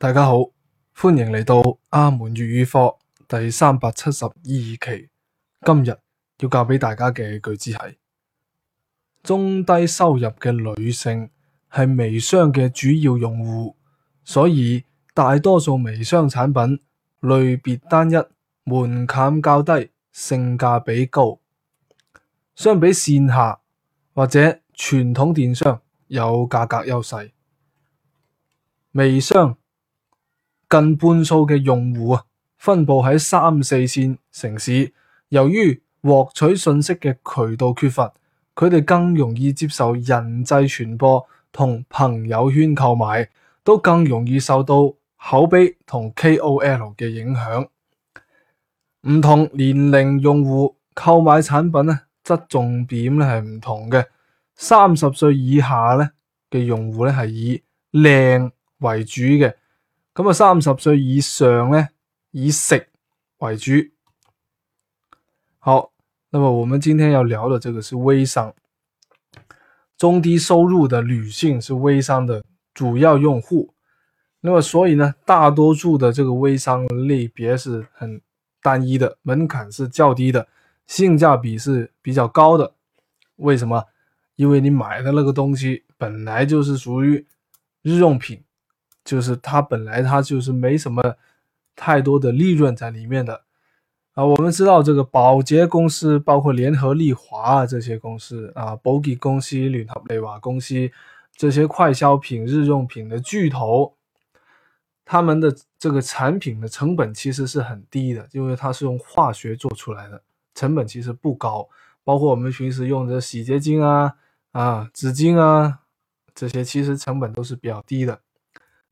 大家好，歡迎嚟到阿門粵語課第三百七十二期。今日要教俾大家嘅句子係：中低收入嘅女性係微商嘅主要用戶，所以大多數微商產品類別單一，門檻較低，性價比高，相比線下或者傳統電商有價格優勢。微商。近半數嘅用戶啊，分佈喺三四線城市，由於獲取信息嘅渠道缺乏，佢哋更容易接受人際傳播同朋友圈購買，都更容易受到口碑同 KOL 嘅影響。唔同年齡用戶購買產品側重點咧係唔同嘅。三十歲以下咧嘅用戶咧，係以靚為主嘅。那麼三十歲以上呢，以食為主。好，那麼我們今天要聊的這個是微商，中低收入的女性是微商的主要用戶。那麼所以呢，大多數的這個微商類別是很單一的，門檻是較低的，性價比是比較高的。為什麼？因為你買的那個東西本來就是屬於日用品。就是它本來它就是沒什麼太多的利潤在裏面的啊。我們知道這個寶潔公司，包括聯合利華啊這些公司啊寶潔公司、綠塔雷瓦公司這些快消品、日用品的巨頭，他們的這個產品的成本其實是很低的，因為它是用化學做出來的，成本其實不高。包括我們平時用的洗潔精啊、啊紙巾啊這些，其實成本都是比較低的。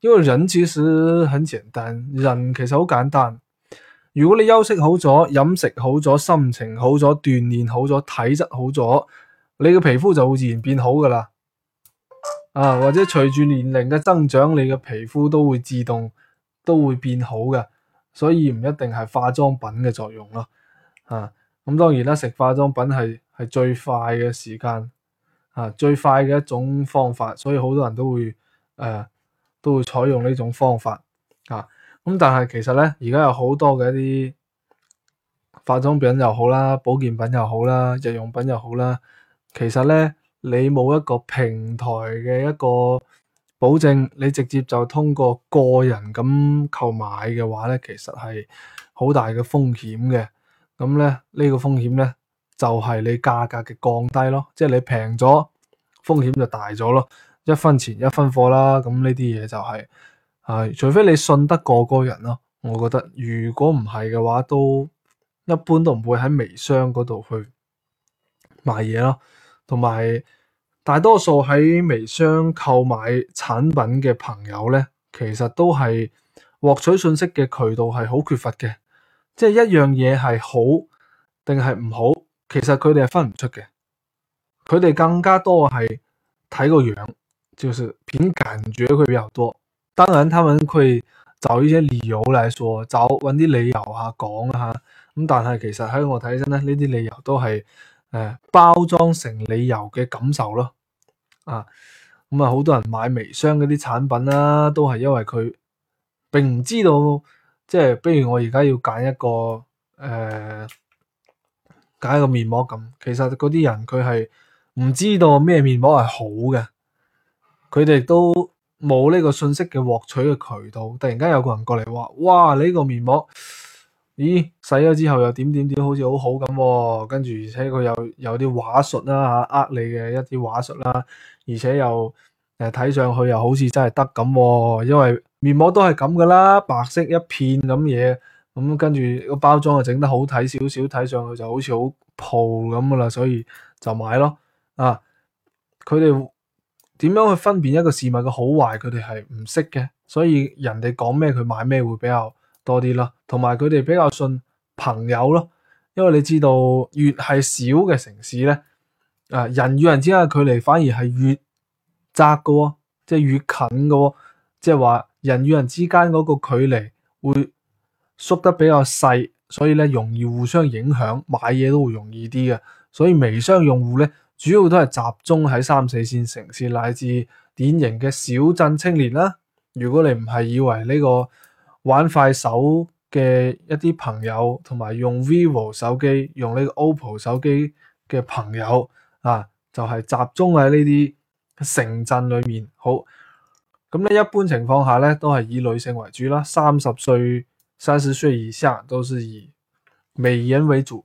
因為人其實很簡單，人其實好簡單。如果你休息好咗，飲食好咗，心情好咗，鍛煉好咗，體質好咗，你嘅皮膚就會自然變好噶啦。啊，或者隨住年齡嘅增長，你嘅皮膚都會自動都會變好嘅。所以唔一定係化妝品嘅作用咯。啊，咁當然啦，食化妝品係係最快嘅時間，啊，最快嘅一種方法。所以好多人都會誒。啊都會採用呢種方法啊！咁但係其實咧，而家有好多嘅一啲化妝品又好啦，保健品又好啦，日用品又好啦，其實咧你冇一個平台嘅一個保證，你直接就通過個人咁購買嘅話咧，其實係好大嘅風險嘅。咁咧呢個風險咧就係你價格嘅降低咯，即係你平咗，風險就大咗咯。一分錢一分貨啦，咁呢啲嘢就係，啊，除非你信得過個人咯，我覺得如果唔係嘅話，都一般都唔會喺微商嗰度去賣嘢咯。同埋大多數喺微商購買產品嘅朋友呢，其實都係獲取信息嘅渠道係好缺乏嘅，即係一樣嘢係好定係唔好，其實佢哋係分唔出嘅，佢哋更加多係睇個樣。就是憑感覺會比較多，當然他們可以找一些理由來說，找啲理由啊講啊，咁但係其實喺我睇起身咧，呢啲理由都係誒包裝成理由嘅感受咯，啊，咁啊好多人買微商嗰啲產品啦，都係因為佢並唔知道，即係比如我而家要揀一個誒揀、呃、一個面膜咁，其實嗰啲人佢係唔知道咩面膜係好嘅。佢哋都冇呢個信息嘅獲取嘅渠道，突然間有個人過嚟話，哇，你這個面膜，咦，洗咗之後又點點點，好似好好，啊、咁。跟住，而且佢又有啲話術啦，吓，呃你嘅一啲話術啦，而且又誒，睇，呃、上去又好似真係得咁。因為面膜都係咁噶啦，白色一片咁嘢，咁跟住個包裝又整得好睇少少，睇上去就好似好鋪咁噶啦，所以就買咯。啊，佢哋。點樣去分辨一個事物嘅好壞，佢哋係唔識嘅，所以人哋講咩佢買咩會比較多啲啦，同埋佢哋比較信朋友咯，因為你知道越係少嘅城市咧，啊人與人之間嘅距離反而係越窄喎，即係越近喎。即係話人與人之間嗰個距離會縮得比較細，所以咧容易互相影響，買嘢都會容易啲嘅，所以微商用戶咧。主要都係集中喺三四線城市，乃至典型嘅小鎮青年啦。如果你唔係以為呢個玩快手嘅一啲朋友，同埋用 vivo 手機、用呢個 oppo 手機嘅朋友啊，就係集中喺呢啲城鎮裏面。好，咁咧一般情況下咧都係以女性為主啦，三十歲三十歲以下都是以美人為主。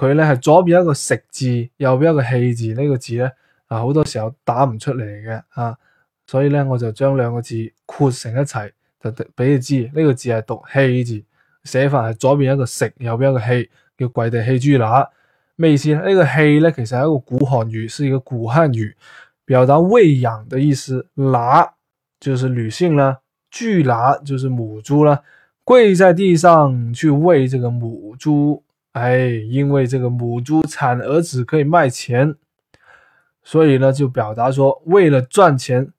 佢咧係左邊一個食字，右邊一個氣字，呢個字咧啊，好多時候打唔出嚟嘅啊，所以咧我就將兩個字括成一齊，就俾你知呢個字係讀氣字，寫法係左邊一個食，右邊一個氣，叫跪地氣豬乸，咩意思咧？呢個氣咧其實係一個古漢語，是一個古漢語，表達餵養嘅意思。乸就是女性啦，豬乸就是母豬啦，跪在地上去餵這個母豬。哎，因為這個母豬產兒子可以賣錢，所以呢就表達說為了賺錢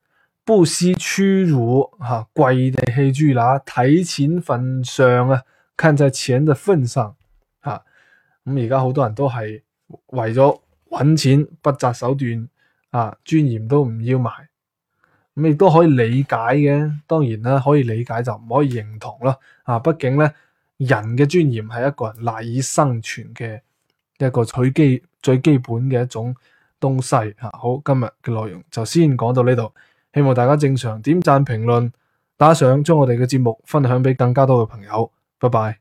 不惜屈辱，吓、啊、跪地餵豬乸睇錢份上啊，看在錢的份上啊，咁而家好多人都係為咗搵錢不擇手段啊，尊嚴都唔要埋，咁、嗯、亦都可以理解嘅，當然啦可以理解就唔可以認同咯，啊，畢竟呢人嘅尊嚴係一個人賴以生存嘅一個最基最基本嘅一種東西吓。好，今日嘅內容就先講到呢度，希望大家正常點讚、評論、打賞，將我哋嘅節目分享俾更加多嘅朋友。拜拜。